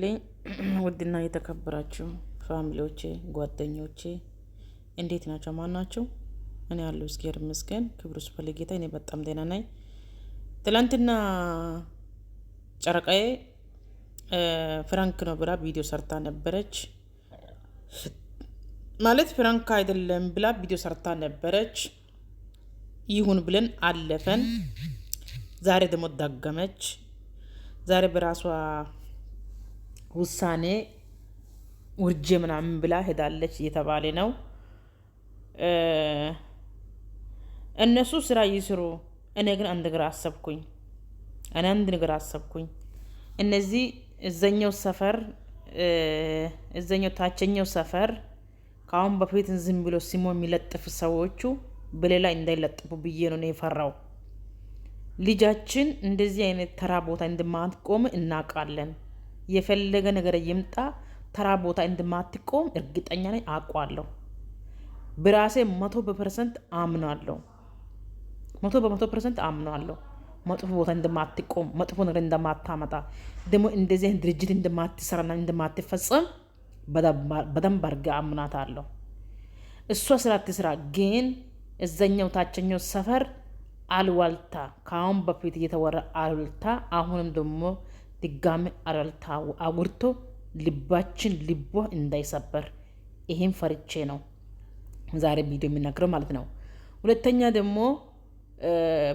ልኝ ውድና የተከበራችሁ ፋሚሊዎቼ ጓደኞቼ እንዴት ናቸው? ማን ናቸው? እኔ ያለው እግዚአብሔር ይመስገን፣ ክብሩ ይስፋ ፈለጌታ እኔ በጣም ደህና ነኝ። ትላንትና ጨረቃዬ ፍራንክ ነው ብላ ቪዲዮ ሰርታ ነበረች። ማለት ፍራንክ አይደለም ብላ ቪዲዮ ሰርታ ነበረች። ይሁን ብለን አለፈን። ዛሬ ደግሞ ዳገመች። ዛሬ በራሷ ውሳኔ ውርጅ ምናምን ብላ ሄዳለች እየተባለ ነው። እነሱ ስራ ይስሩ። እኔ ግን አንድ ነገር አሰብኩኝ። እኔ አንድ ነገር አሰብኩኝ። እነዚህ እዘኛው ሰፈር እዘኛው ታቸኛው ሰፈር ከአሁን በፊት ዝም ብሎ ሲሞ የሚለጥፍ ሰዎቹ በሌላ እንዳይለጥፉ ብዬ ነው የፈራው። ልጃችን እንደዚህ አይነት ተራ ቦታ እንደማትቆም እናውቃለን። የፈለገ ነገር ይምጣ ተራ ቦታ እንደማትቆም እርግጠኛ ነኝ፣ አውቃለሁ። በራሴ መቶ በፐርሰንት አምናለሁ። መቶ በመቶ ፐርሰንት አምናለሁ። መጥፎ ቦታ እንደማትቆም፣ መጥፎ ነገር እንደማታመጣ፣ ደግሞ እንደዚህ ድርጅት እንደማትሰራና እንደማትፈጸም በደንብ አድርጋ አምናታለሁ። እሷ ስራ ትስራ፣ ግን እዛኛው ታችኛው ሰፈር አልዋልታ ከአሁን በፊት እየተወራ አልዋልታ አሁንም ደግሞ ድጋሚ አረልታ አጉርቶ ልባችን ልቦ እንዳይሰበር ይህም ፈርቼ ነው ዛሬ ቪዲዮ የሚናገረው ማለት ነው። ሁለተኛ ደግሞ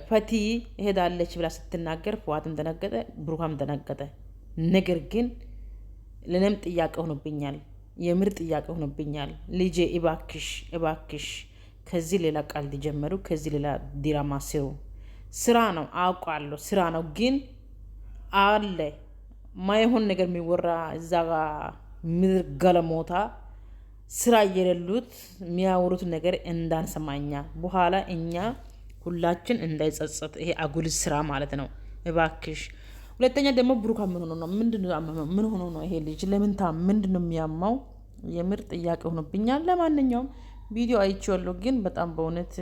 ፈቲ እሄዳለች ብላ ስትናገር ፍዋትም ደነገጠ፣ ብሩሃም ደነገጠ። ነገር ግን ለእኔም ጥያቄ ሆኖብኛል፣ የምር ጥያቄ ሆኖብኛል። ልጄ እባክሽ እባክሽ ከዚህ ሌላ ቃል ጀመሩ፣ ከዚህ ሌላ ዲራማ ስሩ። ስራ ነው አውቃለሁ፣ ስራ ነው ግን አለ ማይሆን ነገር የሚወራ እዛ ምድር ገለሞታ ስራ እየሌሉት የሚያወሩት ነገር እንዳንሰማኛ በኋላ እኛ ሁላችን እንዳይጸጸት ይሄ አጉል ስራ ማለት ነው። እባክሽ። ሁለተኛ ደግሞ ብሩካ ምን ሆኖ ነው? ምን ሆኖ ነው? ይሄ ልጅ ለምንታ ምንድን ነው የሚያማው? የምር ጥያቄ ሆኖብኛል። ለማንኛውም ቪዲዮ አይቼዋለሁ፣ ግን በጣም በእውነት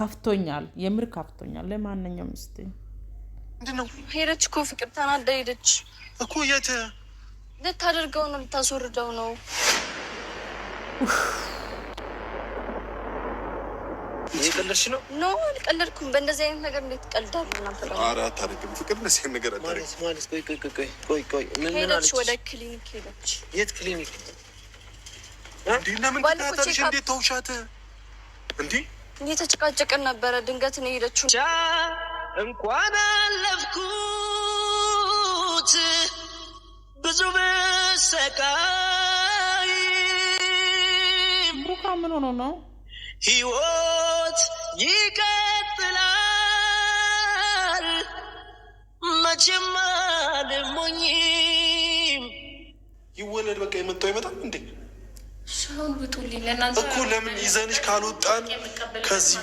ከፍቶኛል። የምር ከፍቶኛል። ለማንኛውም ስ ምንድን ነው? ሄደች እኮ ፍቅር ተናዳ ሄደች እኮ። የት ልታደርገው ነው? ልታስወርደው ነው? እየቀለድሽ ነው? ኖ አልቀለድኩም። በእንደዚህ አይነት ነገር እንዴት ትቀልዳለህ? ነበር ኧረ አታደርግም ፍቅር፣ እንደዚህ አይነት ነገር አታደርግም ማለት ቆይ ቆይ ቆይ ቆይ ቆይ ምን ሄደች? ወደ ክሊኒክ ሄደች። የት ክሊኒክ? እንዴት ተውሻት? እንዴ እየተጨቃጨቅን ነበረ። ድንገት ነው የሄደችው። እንኳን አለፍኩት ብዙ መሰቃይ ቡካ ምን ሆኖ ነው ህይወት ይቀጥላል መቼም አልሞኝም ይወለድ በቃ የመጣው ይመጣል እንዴ ሻውን ብጡልኝ ለእናንተ እኮ ለምን ይዘንሽ ካልወጣን ከዚህ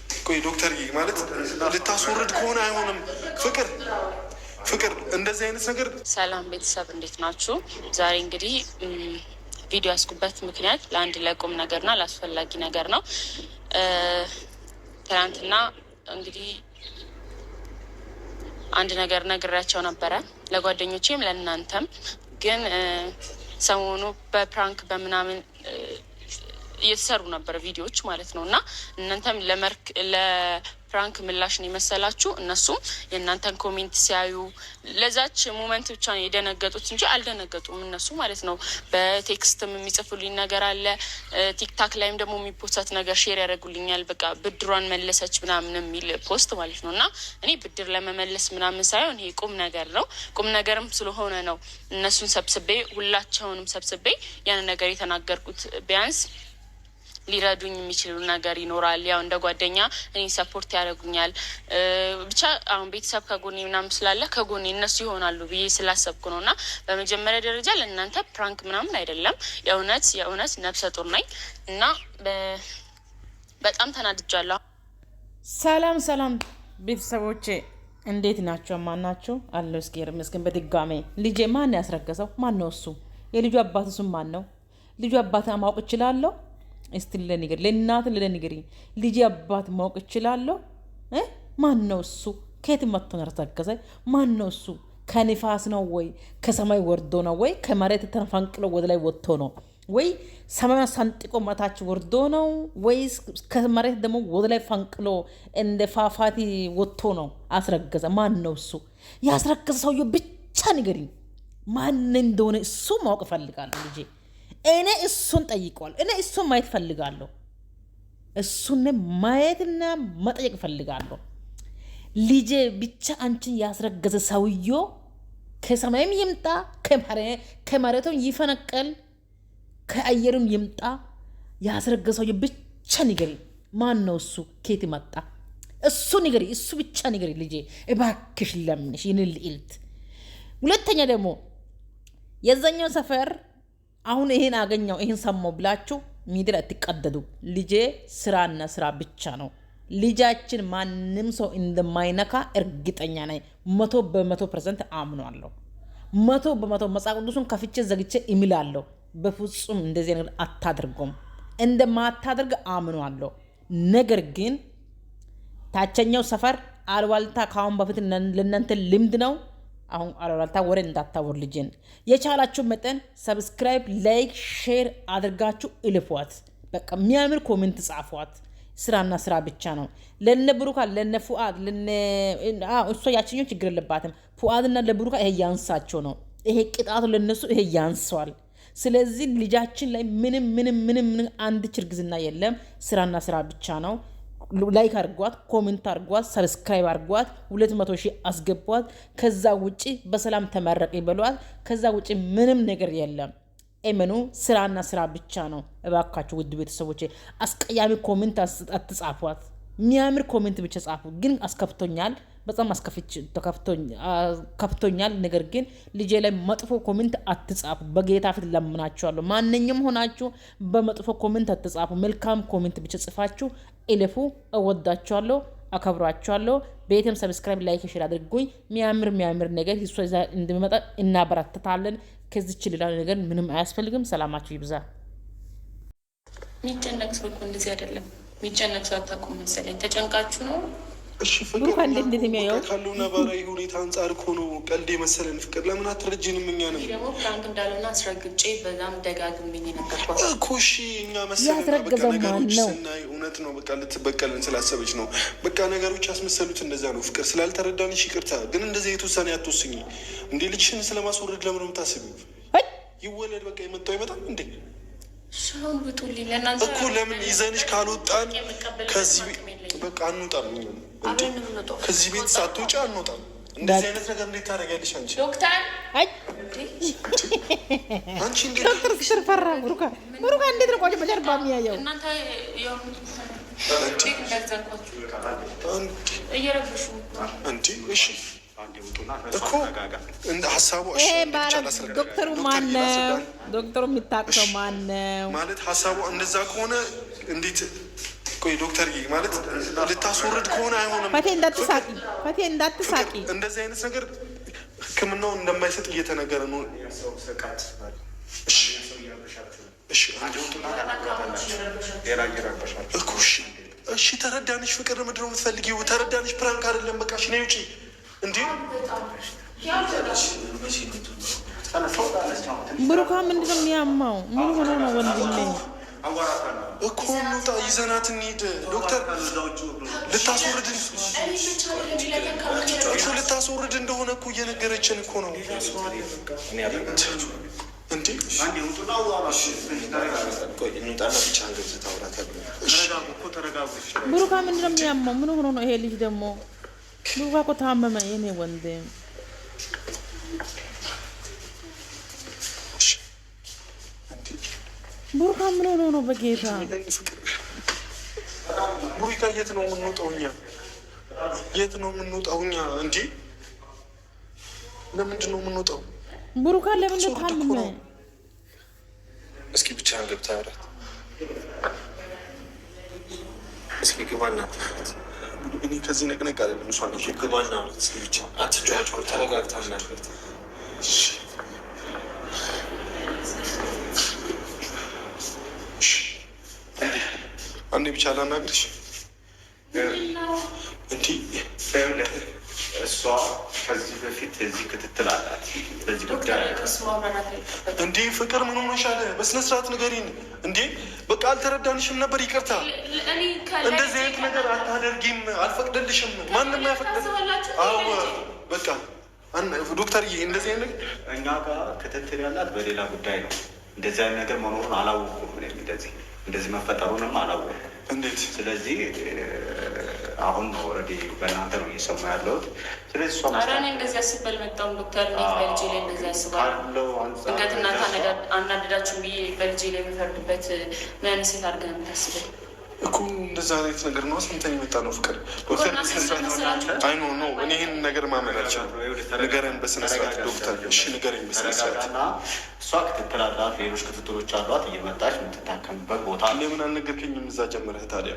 ቆይ ዶክተር ማለት ልታስወርድ ከሆነ አይሆንም። ፍቅር ፍቅር እንደዚህ አይነት ነገር። ሰላም ቤተሰብ እንዴት ናችሁ? ዛሬ እንግዲህ ቪዲዮ ያስኩበት ምክንያት ለአንድ ለቁም ነገርና ለአስፈላጊ ነገር ነው። ትናንትና እንግዲህ አንድ ነገር ነግሬያቸው ነበረ ለጓደኞቼም ለእናንተም። ግን ሰሞኑ በፕራንክ በምናምን እየተሰሩ ነበር ቪዲዮዎች ማለት ነው። እና እናንተም ለፕራንክ ነው የመሰላችሁ እነሱም የእናንተን ኮሜንት ሲያዩ ለዛች ሞመንት ብቻ ነው የደነገጡት እንጂ አልደነገጡም እነሱ ማለት ነው። በቴክስትም የሚጽፉልኝ ነገር አለ። ቲክታክ ላይም ደግሞ የሚፖሰት ነገር ሼር ያደርጉልኛል። በቃ ብድሯን መለሰች ምናምን የሚል ፖስት ማለት ነው። እና እኔ ብድር ለመመለስ ምናምን ሳይሆን ይሄ ቁም ነገር ነው። ቁም ነገርም ስለሆነ ነው እነሱን ሰብስቤ ሁላቸውንም ሰብስቤ ያን ነገር የተናገርኩት ቢያንስ ሊረዱኝ የሚችሉ ነገር ይኖራል። ያው እንደ ጓደኛ እኔ ሰፖርት ያደርጉኛል። ብቻ አሁን ቤተሰብ ከጎኔ ምናምን ስላለ ከጎኔ እነሱ ይሆናሉ ብዬ ስላሰብኩ ነው። እና በመጀመሪያ ደረጃ ለእናንተ ፕራንክ ምናምን አይደለም። የእውነት የእውነት ነፍሰ ጡር ነኝ እና በጣም ተናድጃለሁ። ሰላም ሰላም ቤተሰቦቼ እንዴት ናቸው? ማን ናቸው አለው። እስኪ ይመስገን በድጋሜ ልጄ ማን ያስረገዘው ማን ነው? እሱ የልጁ አባት እሱም ማን ነው? ልጁ አባት ማወቅ እችላለሁ? እስቲ ለንገር ለእናት ለንገሪ ልጅ አባት ማወቅ እችላለሁ። ማን ነው እሱ? ከየት መጥቶ ነው ተከዘ? ማን ነው እሱ? ከንፋስ ነው ወይ ከሰማይ ወርዶ ነው ወይ ከመሬት ተፈንቅሎ ወደ ላይ ወጥቶ ነው ወይ ሰማይ ሰንጥቆ መታች ወርዶ ነው ወይስ ከመሬት ደግሞ ወደ ላይ ፈንቅሎ እንደ ፏፏቴ ወጥቶ ነው አስረገዘ? ማን ነው እሱ? ያስረገዘ ሰውዬ ብቻ ንገሪ፣ ማን እንደሆነ እሱ ማወቅ እፈልጋለሁ ልጄ። እኔ እሱን ጠይቀዋል። እኔ እሱን ማየት ፈልጋለሁ። እሱን ማየትና መጠየቅ ፈልጋለሁ። ልጄ ብቻ አንቺን ያስረገዘ ሰውዮ ከሰማይም ይምጣ ከመሬቱም ይፈነቀል ከአየርም ይምጣ ያስረገዘ ሰውዮ ብቻ ንገሪ። ማን ነው እሱ? ኬት መጣ? እሱ ንገሪ። እሱ ብቻ ንገሪ። ልጄ እባክሽ ለምንሽ ይህንን ሁለተኛ ደግሞ የዛኛውን ሰፈር አሁን ይሄን አገኘው ይሄን ሰማው ብላችሁ ሚድር አትቀደዱ። ልጄ ስራና ስራ ብቻ ነው። ልጃችን ማንም ሰው እንደማይነካ እርግጠኛ ነኝ። መቶ በመቶ ፐርሰንት አምኗለሁ። መቶ በመቶ መጽሐፍ ቅዱሱን ከፍቼ ዘግቼ እምላለሁ። በፍጹም እንደዚህ ነገር አታድርጎም። እንደማታደርግ አምኗለሁ። ነገር ግን ታችኛው ሰፈር አልዋልታ ከአሁን በፊት ለእናንተ ልምድ ነው። አሁን አለወላልታ ወሬ እንዳታወር ልጄን የቻላችሁ መጠን ሰብስክራይብ፣ ላይክ፣ ሼር አድርጋችሁ እልፏት። በቃ የሚያምር ኮሜንት ጻፏት። ስራና ስራ ብቻ ነው። ለነ ብሩካ ለነ ፉአድ እሷ ያችኛው ችግር የለባትም። ፉአድና ለብሩካ ይሄ ያንሳቸው ነው። ይሄ ቅጣቱ ለነሱ ይሄ ያንሷል። ስለዚህ ልጃችን ላይ ምንም ምንም ምንም አንድ ችርግዝና የለም። ስራና ስራ ብቻ ነው። ላይክ አርጓት፣ ኮሜንት አርጓት፣ ሰብስክራይብ አርጓት፣ ሁለት መቶ ሺህ አስገቧት። ከዛ ውጭ በሰላም ተመረቅ ይበሏት። ከዛ ውጭ ምንም ነገር የለም። ኤመኑ ስራና ስራ ብቻ ነው። እባካችሁ ውድ ቤተሰቦች አስቀያሚ ኮሜንት አትጻፏት። የሚያምር ኮሜንት ብቻ ጻፉ። ግን አስከፍቶኛል፣ በጣም ከፍቶኛል። ነገር ግን ልጄ ላይ መጥፎ ኮሜንት አትጻፉ። በጌታ ፊት ለምናችኋለሁ። ማንኛውም ሆናችሁ በመጥፎ ኮሜንት አትጻፉ። መልካም ኮሜንት ብቻ ጽፋችሁ እልፉ። እወዳችኋለሁ፣ አከብሯችኋለሁ። ቤትም ሰብስክራይብ፣ ላይክ፣ ሼር አድርጉኝ። ሚያምር ሚያምር ነገር እሷ ይዛ እንድመጣ እናበረታታለን። ከዚች ሌላ ነገር ምንም አያስፈልግም። ሰላማችሁ ይብዛ። የሚጨነቅ ሰው እኮ እንደዚህ አይደለም። የሚጨነቅ ሰው አታውቁም መሰለኝ። ተጨንቃችሁ ነው እሺ ፍቅር ካለው ነባራዊ ሁኔታ አንጻር እኮ ነው ቀልድ የመሰለን ፍቅር። ለምን አትረጅንም? እኛ ነው እኮ እሺ። እኛ ነገሮች ስናይ እውነት ነው በቃ ልትበቀልን ስላሰበች ነው። በቃ ነገሮች ያስመሰሉት እንደዛ ነው። ፍቅር ስላልተረዳንሽ ይቅርታ። ግን እንደዚህ የት ውሳኔ አትወስኝ እንዴ! ልጅሽን ስለማስወረድ ለምን ነው የምታስቢው? ይወለድ በቃ የመጣው ይመጣል እንዴ እኮ ለምን ይዘንሽ ካልወጣን ከዚህ በቃ አንወጣም። ከዚህ ቤት ሳትወጪ አንወጣም። እንደዚህ አይነት ነገር እንዴት ታደርጊያለሽ አንቺ? ዶክተር ዶክተር ክሽር ፈራ ብሩካ ብሩካ እንዴት ነው ቆጭ በጀርባ የሚያየው? እንዴ እሺ ዶክተሩ ማነው? ዶክተሩ የሚታቅሰው ማነው? ማለት ሀሳቡ እንደዛ ከሆነ እንዴት ቆይ ዶክተር ማለት ልታስወርድ ከሆነ አይሆንም። ፈቴ እንዳትሳቂ፣ ፈቴ እንዳትሳቂ። እንደዚህ አይነት ነገር ሕክምናውን እንደማይሰጥ እየተነገረ ነው። እሺ ተረዳንሽ፣ ፍቅር ምድረ የምትፈልጊው ተረዳንሽ። ፕራንክ አይደለም በቃ እሺ፣ ውጪ ብሩካን ምንድን ነው የሚያማው? ምን ሆኖ ነው ወንድሜ? እኮ እንውጣ፣ ይዘናት እንሂድ። ዶክተር ልታስወርድ እኮ ልታስወርድ እንደሆነ እኮ እየነገረችን እኮ ነው። እንዴ ብሩካን ምንድን ነው የሚያማው? ምን ሆኖ ነው ይሄ ልጅ ደግሞ ዱባ 고 다음에 얘네 원데 ቡርካ ምን ሆኖ ነው? በጌታ ቡሪካ የት ነው የምንውጠው እኛ? የት ነው የምንውጠው እኛ? እንዲ ለምንድን ነው የምንውጠው? ቡሩካ ለምን ታልመ? እስኪ ብቻ ገብታ አራት እስኪ ግባና እኔ ከዚህ ነቅነቅ አይደለም። እሷን ይዤ ዋና እስኪ ብቻ አትጫዋጭ፣ ተረጋግታ ናበት አንዴ ብቻ ላናግርሽ እንዲህ እሷ ከዚህ በፊት እዚህ ክትትል አላት። በዚህ ጉዳይ እንዴ ፍቅር ምን ሆነሻል? በስነ ስርዓት ንገሪን እንዴ። በቃ አልተረዳንሽም ነበር፣ ይቅርታ። እንደዚህ አይነት ነገር አታደርጊም፣ አልፈቅደልሽም። ማንም ያፈቅደ በቃ ዶክተር ይ እንደዚህ አይነት እኛ ጋር ክትትል ያላት በሌላ ጉዳይ ነው። እንደዚህ አይነት ነገር መኖሩን አላወቁም። እንደዚህ እንደዚህ መፈጠሩንም አላወኩም። እንዴት ስለዚህ አሁን ነው ኦልሬዲ በእናንተ ነው እየሰማ ያለሁት። ስለዚህ እሷ አራኔ እንደዚህ አስቤ አልመጣሁም ዶክተር፣ እኔት በልጄ ላይ እንደዚህ አስባለሁ ድንገት እናንተ አናደዳችሁ ብዬ በልጄ ላይ የሚፈርድበት ምን አይነት ሴት አድርገህ ነው የምታስበው? እኮ እንደዛ አይነት ነገር ነው ስንተን የመጣ ነው ፍቅር ዶክተር፣ አይ ኖ ኖ እኔ ይህን ነገር ማመናቸው ንገረን በስነ ዶክተር፣ እሺ ንገረኝ በስነ እሷ ክትትል አላት፣ ሌሎች ክትትሎች አሏት፣ እየመጣች የምትታከምበት ቦታ። ለምን አልነገርከኝም? እዛ ጀምረህ ታዲያ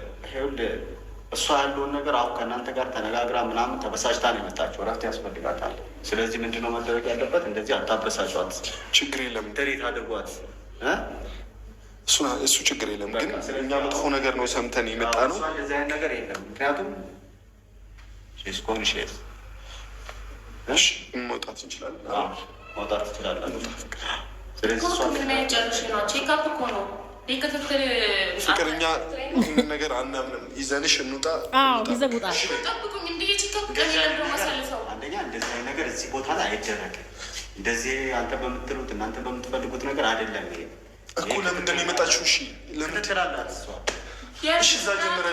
እሷ ያለውን ነገር አሁን ከእናንተ ጋር ተነጋግራ ምናምን ተበሳጭታ ነው የመጣችው። እረፍት ያስፈልጋታል። ስለዚህ ምንድነው መደረግ ያለበት? እንደዚህ አታበሳጫት። ችግር የለም ደሬት አድርጓት። እሱ ችግር የለም ግን እኛ መጥፎ ነገር ነው ሰምተን የመጣ ነው። እንደዚህ አይነት ነገር የለም። ምክንያቱም መውጣት እንችላለን፣ መውጣት ትችላለን። ስለዚህ እሷ ቼክ አፕ እኮ ነው ፍቅርኛ ነገር አናምንም። ይዘንሽ እንውጣ። እንደዚህ ነገር እዚህ ቦታ ላይ አይደረግም። እንደዚህ አንተ በምትሉት እናንተ በምትፈልጉት ነገር አይደለም። ይሄ እኮ ለምንድን ነው የመጣችው? እሺ ለምን ትላላት? እሺ እዛ ጀምረ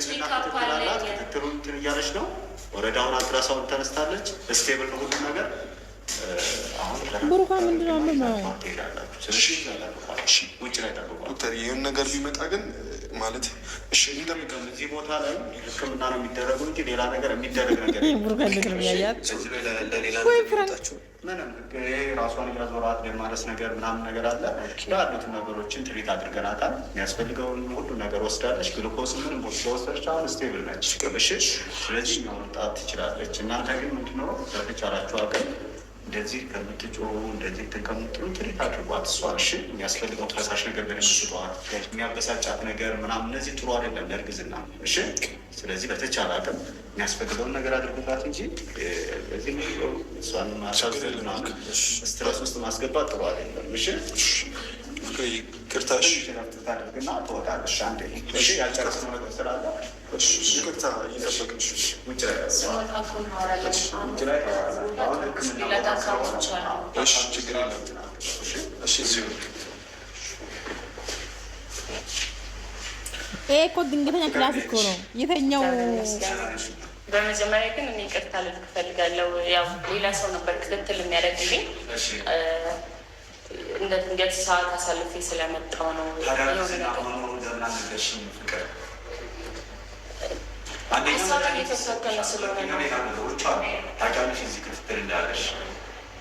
ክትትሉን እያለች ነው። ወረዳውን አድራሻውን ተነስታለች። ስቴብል ሁሉ ነገር ብሩካ ምንድን ነው የምማየው? ዶክተር ይህን ነገር ቢመጣ ግን ማለት እሺ እንደምገም እዚህ ቦታ ላይ ሕክምና ነው የሚደረገው እንጂ ሌላ ነገር የሚደረግ ነገር ብሩካ ነገር ምንም ራሷን እያዞራት የማረስ ነገር ምናምን ነገር አለ። ያሉትን ነገሮችን ትሪት አድርገናታል። የሚያስፈልገውን ሁሉ ነገር ወስዳለች። ግሉኮስ ምንም ወስደወሰደች። አሁን ስቴብል ነች። እሺ ስለዚህ መምጣት ትችላለች። እናንተ ግን ምንድነው በተቻላችሁ አቅም እንደዚህ ከምትጮሩ እንደዚህ ተቀምጡ ትሪት አድርጓት። እሷ እሺ የሚያስፈልገው ፈሳሽ ነገር በነሱ የሚያበሳጫት ነገር ምናምን እነዚህ ጥሩ አይደለም ለእርግዝና። እሺ ስለዚህ በተቻለ አቅም የሚያስፈልገውን ነገር አድርጉላት እንጂ በዚህ እሷን ማሳዘል ምናምን ስትረስ ውስጥ ማስገባት ጥሩ አይደለም። እሺ ይቅርታሽ ታደርግና ትወጣለሽ። ይቅርታ ችግር ይሄ እኮ ድንገተኛ ነው የተኛው። በመጀመሪያ ግን እኔ ቅርታ ልልክ እፈልጋለሁ። ያው ሌላ ሰው ነበር ክትትል የሚያደርግልኝ እንደ ድንገት ሰዓት አሳልፌ ስለመጣው ነው።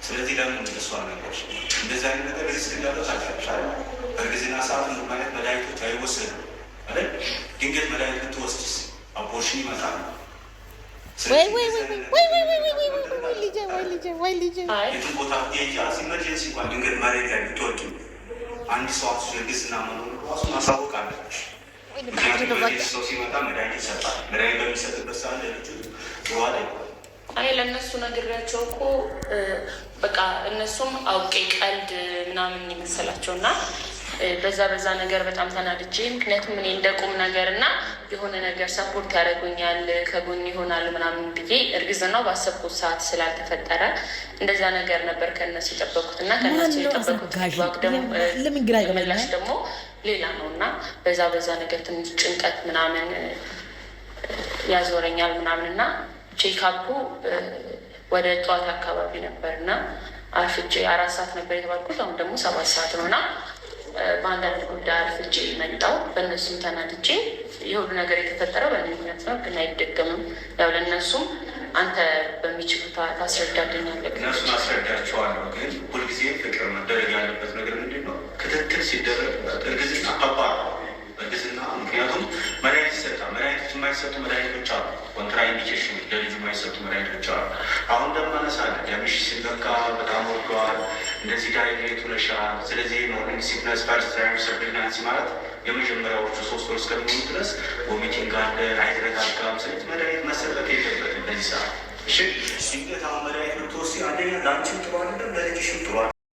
ስለዚህ ለምን እንደሷ ነገሮች እንደዚህ አይነት ነገር ሪስክ እንዳለው ታውቂያለሽ። በእርግዝና ሰዓት ምንም አይነት መድኃኒቶች አይወሰድም አይደል? ድንገት መድኃኒት ብትወስድስ አቦርሽን ይመጣል። ወይ ወይ ወይ ወይ ወይ ወይ ወይ ወይ ልጄ ወይ ልጄ ወይ ልጄ የትም ቦታ ጃስ ኢመርጀንሲ እንኳን ድንገት ማለት ያ ብትወድ አንድ ሰው አሱ ንግስና መኖሩ ራሱ ማሳወቅ አለባቸው። ሰው ሲመጣ መድኃኒት ይሰጣል። መድኃኒት በሚሰጥበት ሰዓት ለልጁ ዋለ አይ ለእነሱ ነግሬያቸው እኮ በቃ እነሱም አውቄ ቀልድ ምናምን ይመስላቸው እና በዛ በዛ ነገር በጣም ተናድቼ፣ ምክንያቱም እኔ እንደ ቁም ነገር እና የሆነ ነገር ሰፖርት ያደርጉኛል ከጎን ይሆናል ምናምን ብዬ እርግዝናው ባሰብኩት ሰዓት ስላልተፈጠረ እንደዛ ነገር ነበር ከነሱ የጠበኩት እና ከነሱ የጠበኩት ምላሽ ደግሞ ሌላ ነው እና በዛ በዛ ነገር ትንሽ ጭንቀት ምናምን ያዞረኛል ምናምን እና ቼካፑ ወደ ጠዋት አካባቢ ነበር እና አርፍጄ አራት ሰዓት ነበር የተባልኩት። አሁን ደግሞ ሰባት ሰዓት ነው እና በአንዳንድ ጉዳይ አርፍጄ መጣሁ። በእነሱም ተናድጄ የሁሉ ነገር የተፈጠረው በእኔ ምክንያት ነው፣ ግን አይደገምም። ያው ለእነሱም አንተ በሚችሉት ታስረዳልኛለህ። እነሱን አስረዳቸዋለሁ። ግን ሁልጊዜ ፍቅር መደረግ ያለበት ነገር ምንድን ነው? ክትትል ሲደረግ እርግዝና ከባድ እርግዝና ምክንያቱም መድኃኒት ይሰጣል። መድኃኒቶች የማይሰጡ መድኃኒቶች አሉ። ኮንትራ ኢንዲኬሽን ለልጁ የማይሰጡ መድኃኒቶች አሉ። አሁን ደማነሳለ ደምሽ ሲለካ በጣም ወርደዋል እንደዚህ ዳይሬቱ ለሻ ስለዚህ ሞርኒንግ ሲክነስ ፈርስት ታይም ሰርቬይላንስ ማለት የመጀመሪያዎቹ ሶስት ወር እስከሚሆኑ ድረስ ቮሚቲንግ አለ፣ አይድረት አልጋም ስልት መድኃኒት መሰለፍ የለበትም በዚህ ሰዓት። እሺ ሲነት አሁን መድኃኒት ብትወስድ አንደኛ ለአንቺም ጥሩ አይደለም፣ ለልጅሽም ጥሩ